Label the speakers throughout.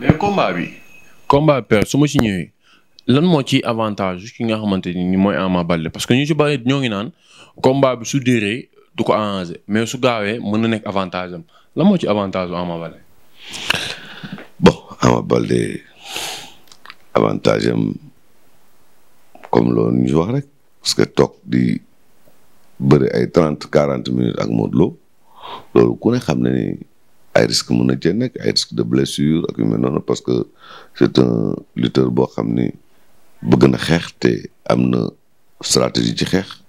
Speaker 1: mais combat bi. combat père su ma ci ñëwee lan moo ci avantage ki nga xamante ni mooy Ama Baldé parce que ñu ci bari ñoo ngi naan combat bi su déree du ko arrangé mais su gaawee mën na nekk avantage am lan moo ci avantage Ama Baldé.
Speaker 2: bon Ama Baldé avantage am comme loolu ñu wax rek parce que toog di bëri ay trente quarante minutes ak Modou Lo loolu ku ne xam na ni ay risque mën na cee nekk ay risque de blessure ak yu mel noonu parce que c'est un lutteur boo xam ni bëgg na xeex te am na stratégie ci xeex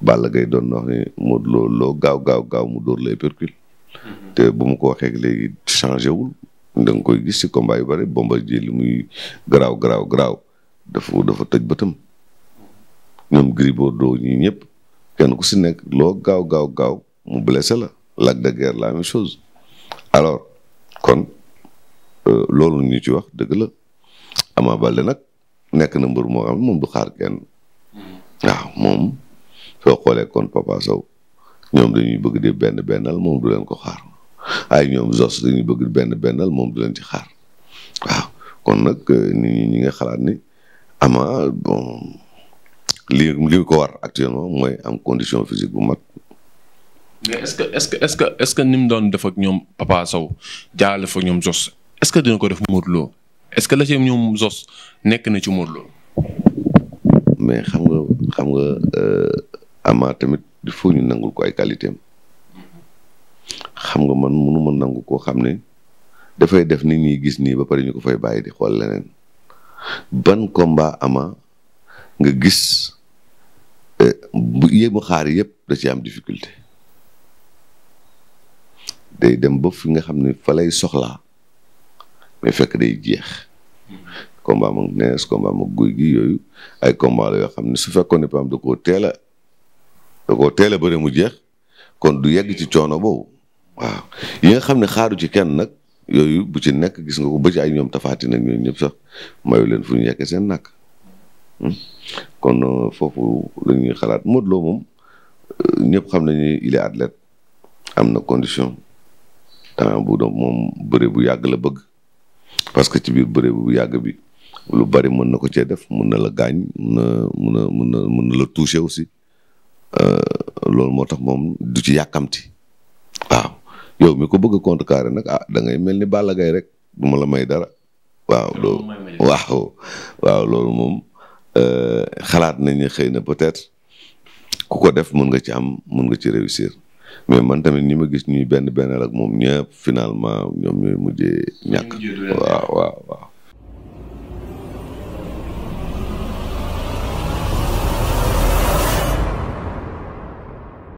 Speaker 2: Balla Gaye doon na ni Modou Lo loo gaaw gaaw gaaw mu door lay percule mm-hmm. te bu mu ko waxee léegi changé wul da nga koy gis ci combat yu bëri Bombardier li muy garaaw garaaw graaw dafa dafa tëj bëtam ñoom Gris Bordeaux ñii ñëpp kenn ku si nekk loo gaaw gaaw gaaw mu blessé la Lac de Guiers la même chose alors kon euh, loolu ñu ci wax dëgg la Ama Baldé nag nekk na mbër moo xam ne moom du xaar kenn waaw moom soo xoolee kon Papa Sow ñoom dañuy bëgg di benn bennal moom du leen ko xaar ay ñoom Zos dañuy bëgg benn bennal moom du leen ci xaar waaw kon nag euh, ni ñi ñi nga xalaat ni Ama liir li li ko war actuellement mooy am condition physique bu mat
Speaker 1: mais est-ce que est-ce que mu doon def ak ñoom Papa Sow jaarale fa ñoom Zos est-ce que dina ko def Modou Lo est-ce que la ci ñoom Zos nekk na ci Modou
Speaker 2: mais xam nga xam nga euh, Ama tamit il faut ñu nangul ko ay qualité xam nga man mënu ma nangu koo xam ne dafay def ni ñuy gis nii ba pare ñu ko fay bàyyi di xool leneen ban combat Ama nga gis euh, bu yéemu xaar yëpp da ci am difficulté. day dem ba fi nga xam ne fa soxla soxlaa mais fekk day jeex. combat moom nees combat moom guy gi yooyu ay combat la xam ne su fekkoon ne PAM da teel a teel a mu jeex kon du yegg ci coono boobu yi nga xam ne xaaru ci kenn nag yooyu bu ci nekk gis nga ko ba ci ay ñoom tafaati nag ñoom ñëpp sax mayu leen fu ñu yekkee seen nàkk. Hmm? kon euh, foofu la ñuy xalaat Modou Lo moom euh, ñëpp xam nañu il est athlète am na condition. temps bu doon moom bëre bu yàgg la bëgg parce que ci biir bëre bu yàgg bi lu bari mën na ko cee def mën na la gaañ mën na mën na la toucher aussi euh, loolu moo tax moom du ci yàkkamti waaw yow mi ko bëgg a contrecarrer nag ah da ngay mel ni Balla Gaye rek du ma la may dara. waaw loolu waaw waaw loolu moom euh, xalaat na ne xëy na peut-être ku ko def mën nga ci am mën nga ci réussir. mais man tamit ñi ma gis nii benn benn ak moom ñëpp finalement ñoom ñooy mujjee ñàkk waaw waaw